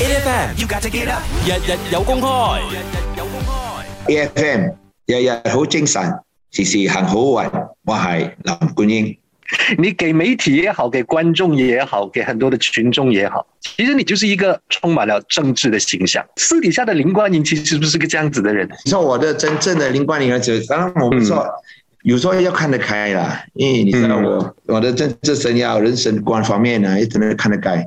A F M you gotta get up，日日有工開，A F M 日日好精神，事事行好運。我係林冠英。你給媒體也好，給觀眾也好，給很多的群眾也好，其實你就是一個充滿了政治的形象。私底下的林冠英，其實不是個這樣子的人。你說我的真正的林冠英呢？就當然我唔錯，有時候要看得開啦。誒，你知道我我的政治生涯、人生觀方面呢，一定看得開。